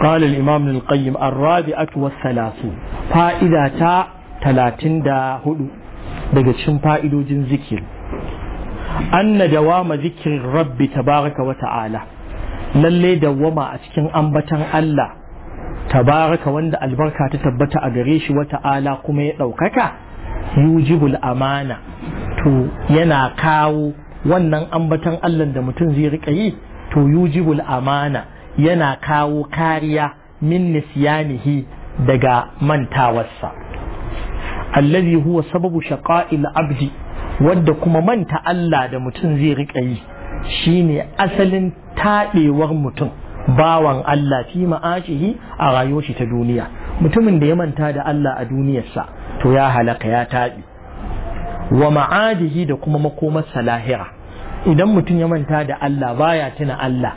قال الإمام ابن القيم الرابعة والثلاثون فائدة تا تلاتين دا هدو دقشن فائدو جن ذكر أن دوام ذكر الرب تبارك وتعالى للي دوما أتكن أنبتن الله تبارك وند البركة تثبت أجريش وتعالى قمي لوكك يوجب الأمانة تو ينا كاو wannan ambatan Allah da mutum zai riƙa yi to yujibul amana yana kawo kariya min nisyanihi daga mantawarsa allazi huwa sababu shaqa'il abdi wadda kuma manta Allah da mutum zai riƙa yi shine asalin taɗewar mutum bawan Allah fi ma'ashihi a rayuwarshi ta duniya mutumin da ya manta da Allah a duniyarsa to ya halaka ya taɓi wa ma'adihi da kuma makomarsa lahira idan mutum ya manta da Allah baya tuna Allah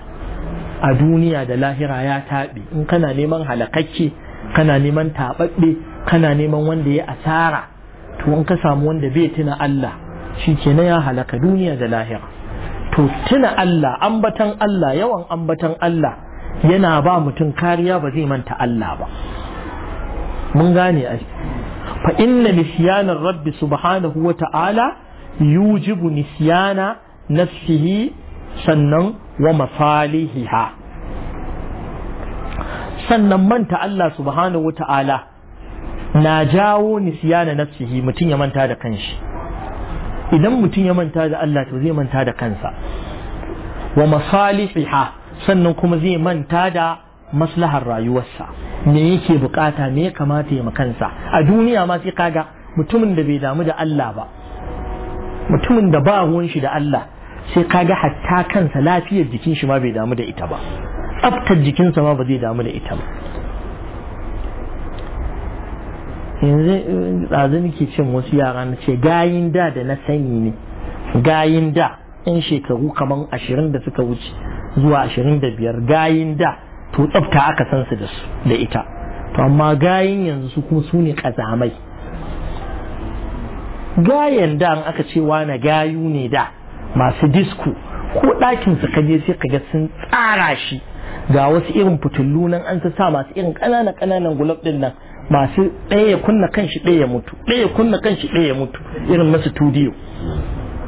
a duniya da lahira ya taɓe in kana neman halakakke kana neman taɓaɓɓe kana neman wanda ya asara to in ka samu wanda bai tuna Allah shi kenan ya halaka duniya da lahira to tuna Allah ambatan Allah yawan ambatan Allah yana ba mutum kariya ba zai manta Allah ba mun gane a fa inna nisyanar rabbi subhanahu wa ta'ala yujibu nisyana nafsihi sannan wa masalihiha sannan manta Allah subhanahu wata'ala na jawo na nafsihi mutum ya manta da kanshi idan mutum ya manta da Allah to zai manta da kansa wa masalihiha sannan kuma zai manta da maslahar rayuwarsa me yake bukata me ya kamata ya kansa. a duniya ma sai kaga mutumin da bai damu da Allah ba mutumin da ba ruwan shi da Allah sai ka ga hatta kansa lafiyar jikin shi ma bai damu da ita ba tsaftar jikinsa ma ba zai damu da ita ba yanzu ɗazu nake cin wasu yara na ce gayin da da na sani ne gayin da yan shekaru kamar ashirin da suka wuce zuwa ashirin da biyar gayin da to tsafta aka san su da ita to amma gayin yanzu su kuma su ne kazamai. gayan da aka ce na gayu ne da masu disku ko ɗakin su kaje sai kaga sun tsara shi ga wasu irin fitullu nan an ta sa masu irin ƙanana ƙananan gulab ɗin nan masu ɗaya ya kunna shi ɗaya ya mutu ɗaya ya kunna shi ɗaya mutu irin masu tudiyo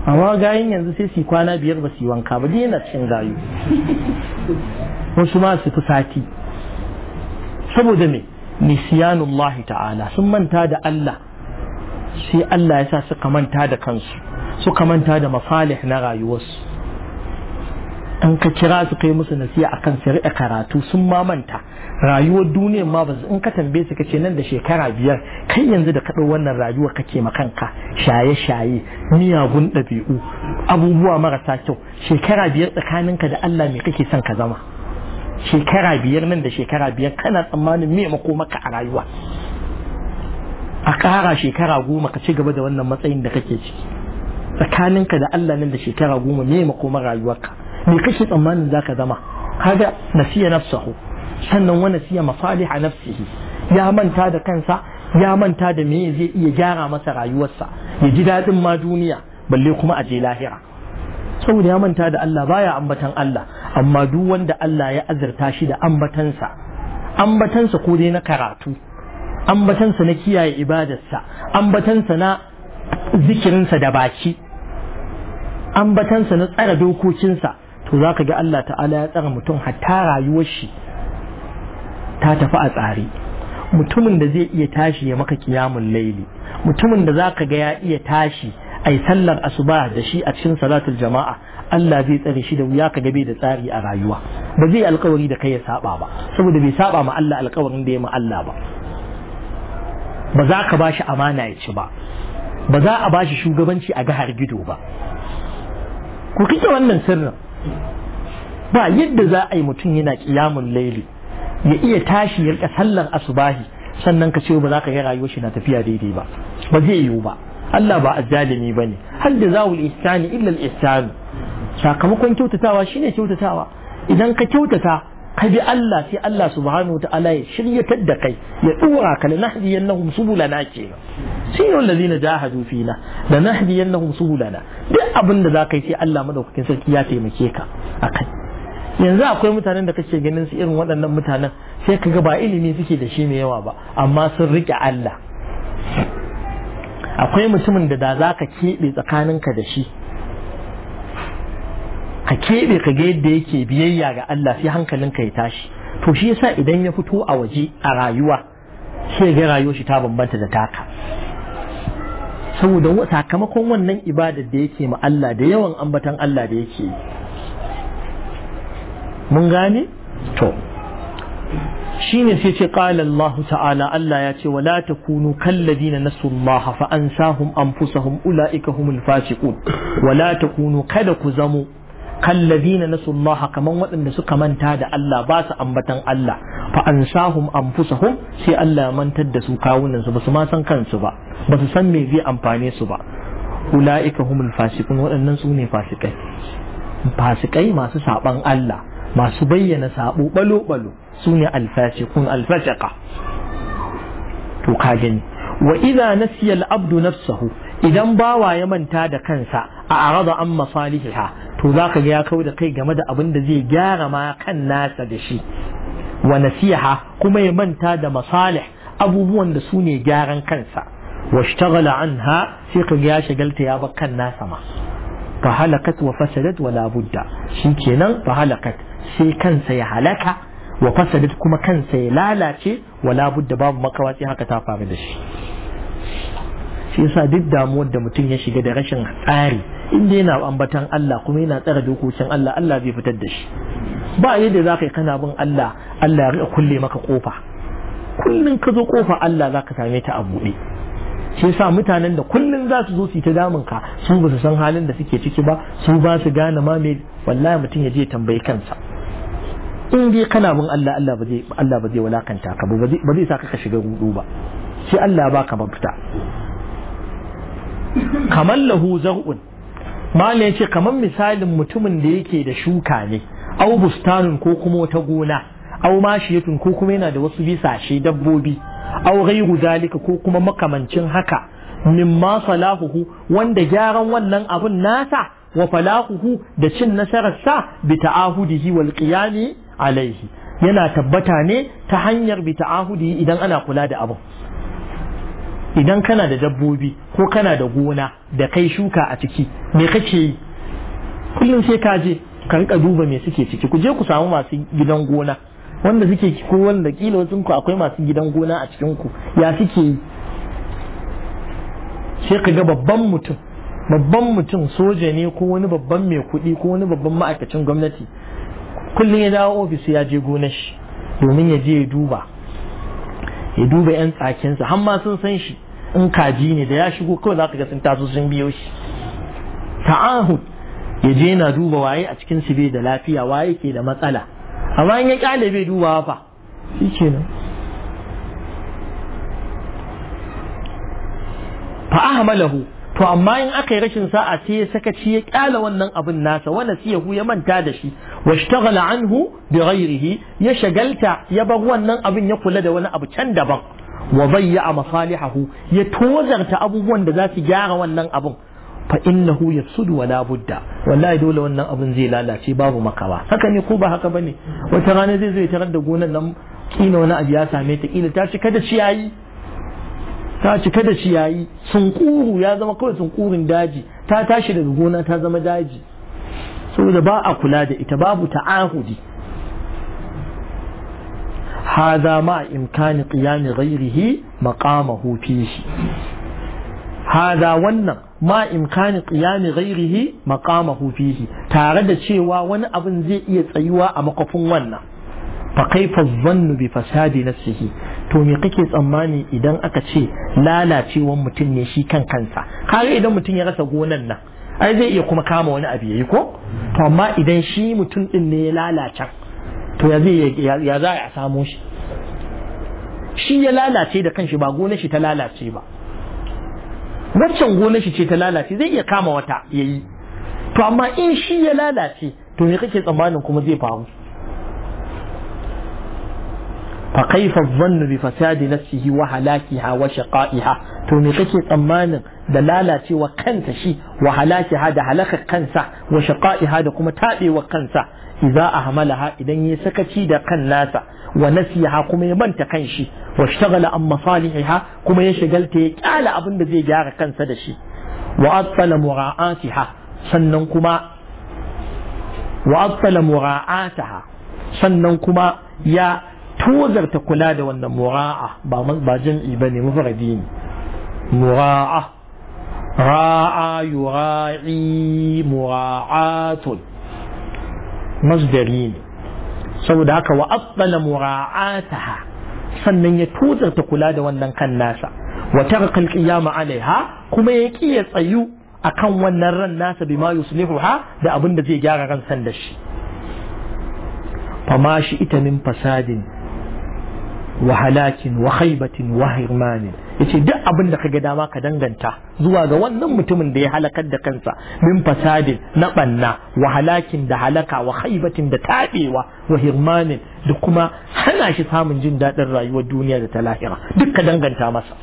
amma gayin yanzu sai su kwana biyar ba su yi wanka ba yana cikin gayu wasu ma su fi sati saboda me nisiyanullahi ta'ala sun manta da Allah sai Allah ya sa suka manta da kansu suka manta da mafalih na rayuwarsu an ka kira su kai musu nasiya akan su riƙa karatu sun ma manta rayuwar duniyar ma ba in ka tambaye su kace nan da shekara biyar kai yanzu da kaɗo wannan rayuwar kake ma ka shaye-shaye miyagun ɗabi'u abubuwa marasa kyau shekara biyar tsakaninka da Allah me kake son ka zama shekara biyar nan da shekara biyar kana tsammanin me mako maka a rayuwa a ƙara shekara goma ka ci gaba da wannan matsayin da kake ciki tsakaninka da Allah nan da shekara goma me makoma rayuwarka me kake tsammanin zaka zama kaga nasiya nafsahu sannan wa nasiya masalih nafsihi ya manta da kansa ya manta da me zai iya gyara masa rayuwarsa ya ji dadin ma duniya balle kuma a je lahira saboda ya manta da Allah baya ambatan Allah amma duk wanda Allah ya azurta shi da ambatansa ambatansa ko dai na karatu ambatansa na kiyaye ibadarsa ambatansa na zikirinsa da baki ambatansa na tsara dokokinsa to za ka ga Allah ta'ala ya tsara mutum hatta rayuwar shi ta tafi a tsari mutumin da zai iya tashi ya maka kiyamun laili mutumin da za ka ga ya iya tashi a yi sallar asuba da shi a cikin salatul jama'a Allah zai tsare shi da wuya ka bai da tsari a rayuwa ba zai alkawari da kai ya saba ba saboda bai saba ma Allah alkawarin da ya ma Allah ba ba za ka ba shi amana ya ci ba ba za a ba shi shugabanci a gahar gido ba ku kike wannan sirrin ba yadda za a yi mutum yana kiyamun laili ya iya tashi ya rika sallar asubahi sannan ka ce ba za ka ga rayuwar shi na tafiya daidai ba ba zai yiwu ba Allah ba azzalimi bane da zawul ihsani illa al ihsan sakamakon kyautatawa shine kyautatawa idan ka kyautata ka bi Allah sai Allah subhanahu ta'ala ya shiryatar da kai ya dora ka la nahdiyannahum subulana kenan sai yau allazina jahadu fina la nahdiyannahum subulana duk abin da zaka yi sai Allah madaukakin sarki ya taimake ka akai yanzu akwai mutanen da kake ganin su irin waɗannan mutanen sai kaga ba ilimi suke da shi mai yawa ba amma sun rike Allah akwai mutumin da da ka keɓe tsakaninka da shi keɓe ka ga yadda yake biyayya ga Allah sai ka ya tashi to shi yasa idan ya fito a waje a rayuwa sai ga rayuwar shi ta bambanta da taka saboda sakamakon wannan ibadar da yake ma Allah da yawan ambatan Allah da yake mun gane to shine sai ce qala Allah ta'ala Allah ya ce wala takunu nasu Allah fa ansahum anfusahum ulaika humul fasiqun wala takunu kada ku zamo kallazina nasullaha kaman waɗanda suka manta da Allah ba su ambatan Allah fa ansahum anfusahum sai Allah ya mantar da su kawunan su basu ma san kansu ba basu san me zai amfane su ba ulaika humul fasiqun waɗannan su ne fasikai fasikai masu saban Allah masu bayyana sabo balo balo su ne alfasiqun alfasiqa to ka gani wa idza nasiya al-abdu nafsahu idan bawa ya manta da kansa a arada an masalihiha to za ka ga ya kau da kai game da abin da zai gyara ma kan nasa da shi wa nasiha kuma ya manta da masalih abubuwan da su ne gyaran kansa wa shtaghala anha sai ka ya shagalta ya bar kan nasa ma fa halakat wa fasadat wala budda shikenan fa halakat sai kansa ya halaka wa fasadat kuma kansa ya lalace wala budda babu makawa sai haka ta faru da shi shi yasa duk damuwar da mutum ya shiga da rashin tsari inda yana ambatan Allah kuma yana tsara dokokin Allah Allah zai fitar da shi ba yadda za ka yi kana bin Allah Allah ya kulle maka kofa kullum ka zo kofa Allah za ka same ta a buɗe shi sa mutanen da kullun za su zo su yi ta damun ka su ba su san halin da suke ciki ba su ba su gane ma me wallahi mutum ya je tambayi kansa in dai kana bin Allah Allah ba zai Allah ba zai walakanta ka ba ba zai saka ka shiga ruɗu ba Shi Allah ba ka mafita kamar lahu zar'un malam ya ce kamar misalin mutumin da yake da shuka ne au bustanin ko kuma wata gona au mashiyatun ko kuma yana da wasu bisashe dabbobi au ghairu zalika ko kuma makamancin haka mimma salahuhu wanda gyaran wannan abun nasa wa falahuhu da cin nasarar sa bi ta'ahudihi wal qiyami alaihi yana tabbata ne ta hanyar bi ta'ahudi idan ana kula da abu. idan kana da dabbobi ko kana da gona da kai shuka a ciki me kake yi kullum sai ka je ka rika duba me suke ciki ku je ku samu masu gidan gona wanda suke ko wanda kila wasu ku akwai masu gidan gona a cikin ku ya suke yi sai ka ga babban mutum babban mutum soja ne ko wani babban mai kuɗi ko wani babban ma'aikacin gwamnati kullum ya dawo ofis ya je gonar shi domin ya je ya duba ya duba 'yan tsakinsa har ma sun san shi in kaji ne da ya shigo kawai za ka ga sun taso sun biyo shi ta'ahud ya je na duba waye a cikin su bai da lafiya waye ke da matsala amma in ya kyale bai duba fa shi kenan fa ahmalahu to amma in aka yi rashin sa'a sai ya sakaci ya kyala wannan abin nasa wanda siyahu ya manta da shi washtaghala anhu bi ghairihi ya shagalta ya bar wannan abin ya kula da wani abu can daban wa bayya masalihahu ya tozarta abubuwan da za su gyara wannan abun fa innahu yasudu wala budda wallahi dole wannan abun zai lalace babu makawa haka ne ko ba haka bane wata rana zai zo ya tarar da gonan nan Kina wani abu ya same ta kila ta cika da ciyayi ta ya zama kawai kurin daji ta tashi daga gona ta zama daji saboda ba a kula da ita babu ta'ahudi هذا مع إمكان قيام غيره مقامه فيه هذا ون ما إمكان قيام غيره مقامه فيه تارد شيوا ون أبن زي يتأيوا fa ون فكيف الظن بفساد نفسه to me kake tsammani idan aka ce lalacewar mutum ne shi kan kansa kare idan mutum ya rasa gonan nan ai zai iya kuma kama wani abu yayi ko to amma idan shi mutum din ne ya lalacen to ya zai ya za a samo shi shi ya lalace da kanshi ba gonar shi ta lalace ba waccan gonar shi ce ta lalace zai iya kama wata yayi to amma in shi ya lalace to me kake tsammanin kuma zai faru فكيف الظن بفساد نفسه وهلاكها وشقائها تونيكي تمان دلالة شي وهلاكها هذا هلاك كنسا وشقائها هذا كما تابي وكنسة إذا أهملها اذا يسكتي دا كناسة ونسيها كما يبن كنشي واشتغل أم مصالحها كما يشغل تيك أبن بذي جاغ كنسة دشي وأطل مراعاتها سننكما وأطل مراعاتها سننكما يا tozarta kula da wannan mura'a ba ba jam'i ne mufradi ne mura'a ra'a yura'i mura'atun masdari ne saboda haka wa abbala mura'ataha sannan ya tozarta kula da wannan kan nasa wa tarqa qiyama alaiha kuma ya ki ya tsayu akan wannan ran nasa bima ha da abin da zai gyara ran san da shi fama shi ita min fasadin Wahalakin wahaibatin wa khaibatin wa hirmanin yace duk abin da ga dama ka danganta zuwa ga wannan mutumin da ya halakar da kansa min fasadin na banna wahalakin da halaka wa khaibatin da taɓewa wa hirmanin da kuma hana shi samun jin daɗin rayuwar duniya da ta lahira duk ka danganta masa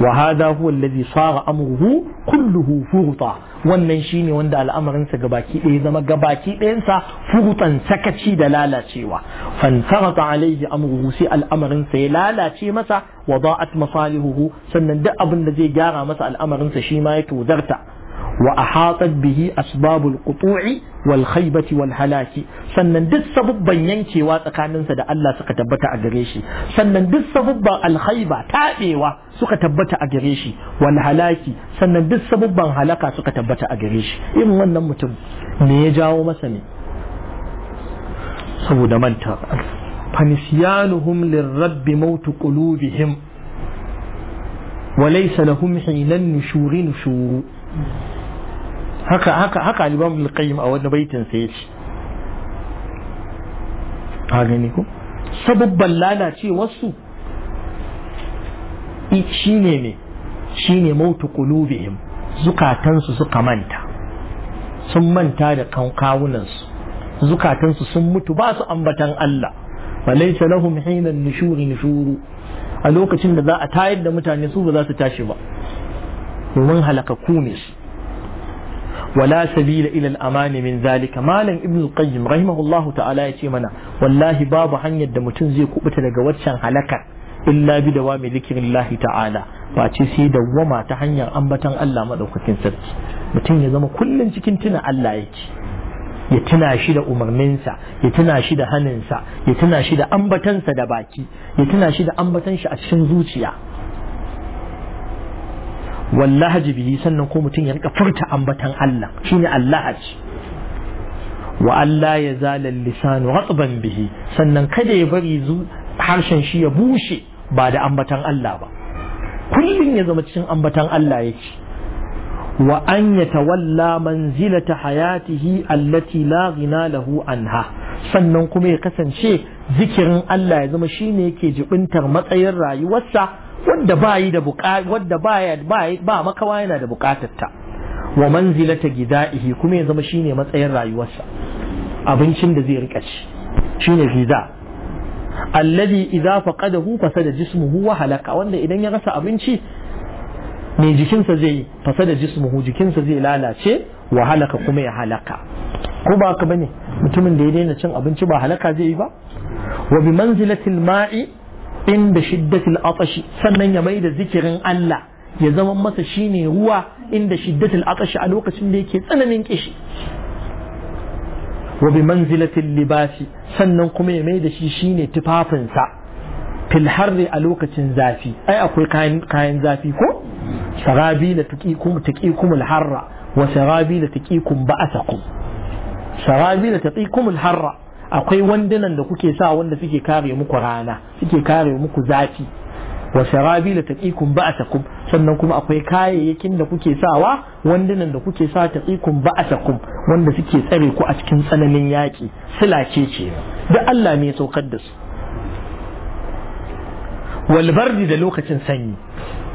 وهذا هو الذي صار أمره كله فرطا wannan shine wanda al'amarinsa gabaki ɗaya zama gabaki ɗayansa furutan sakaci da lalacewa fansarata alaihi amruhu sai al'amarinsa ya lalace masa wa ba'at masalihuhu sannan duk abin da zai gyara masa al'amarinsa shi ma ya tozarta وأحاطت به أسباب القطوع والخيبة والهلاك فنندس سبب ينكي واتقان سدى الله سكتبت أجريشي فنندس سبب الخيبة تأيوة سكتبت أجريشي والهلاك فنندس سبب هلاك سكتبت أجريشي إن من نمتم نيجاو مسني سبو دمان تار فنسيانهم للرب موت قلوبهم وليس لهم حين النشور نشور haka haka haka liban mulkayyim a wani baitin sai ya ce a gani ko sabubban lalace wasu shi ne ne shi ne mautu kulubihim zukatansu suka manta sun manta da kawunansu zukatansu sun mutu ba su ambatan Allah fa laysa lahum hina nushuri nushuru a lokacin da za a tayar da mutane su ba za su tashi ba domin halakaku ne su wala sabila ila al min zalika malam ibn qayyim rahimahullahu ta'ala ya ce mana wallahi babu hanyar da mutum zai kubuta daga waccan halakar illa bi dawami zikrillahi ta'ala ba ce sai dawwama ta hanyar ambatan Allah madaukakin sarki mutum ya zama kullun cikin tuna Allah yake ya tuna shi da umarninsa ya tuna shi da haninsa ya tuna shi da ambatansa da baki ya tuna shi da ambatan shi a cikin zuciya wallahi bihi sannan ko mutum ya rika furta ambatan Allah shine Allahaci. wa Allah ya zala lisanu ghadban bihi sannan kada ya bari zu harshen shi ya bushe ba da ambatan Allah ba kullum ya zama cikin ambatan Allah yake wa walla yatawalla manzilata hayatihi allati la ghina lahu anha sannan kuma ya kasance zikirin Allah ya zama shine ke jibintar matsayin rayuwarsa wadda ba yi ba ba makawa yana da bukatarta wa manzilata ihi kuma ya zama shine matsayin rayuwarsa abincin da zai rika ci shine gida alladhi idza faqadahu da jismu wa halaka wanda idan ya rasa abinci mai jikinsa zai yi fasa da jismuhu jikinsa zai lalace wa halaka kuma ya halaka ko ba bane mutumin da ya daina cin abinci ba halaka zai yi ba wa bi manzilatil ma'i inda shiddatil atashi sannan ya mai da zikirin Allah ya zama masa shine ruwa inda shiddatil atashi a lokacin da yake tsananin kishi wa bi manzilatil libasi sannan kuma ya mai da shi shine tufafinsa fil harri a lokacin zafi ai akwai kayan zafi ko sarabi la tuqikum tuqikum al harra wa sarabi la tuqikum ba'asakum sarabi la tuqikum al harra akwai wandunan da kuke sa wanda suke kare muku rana suke kare muku zafi wa sarabi la taqikum ba'sakum sannan kuma akwai kayayyakin da kuke sawa wandunan da kuke sa taqikum ba'sakum wanda suke tsare ku a cikin tsananin yaki silace ce da Allah ne saukar da su والبرد ده لوكة تنسني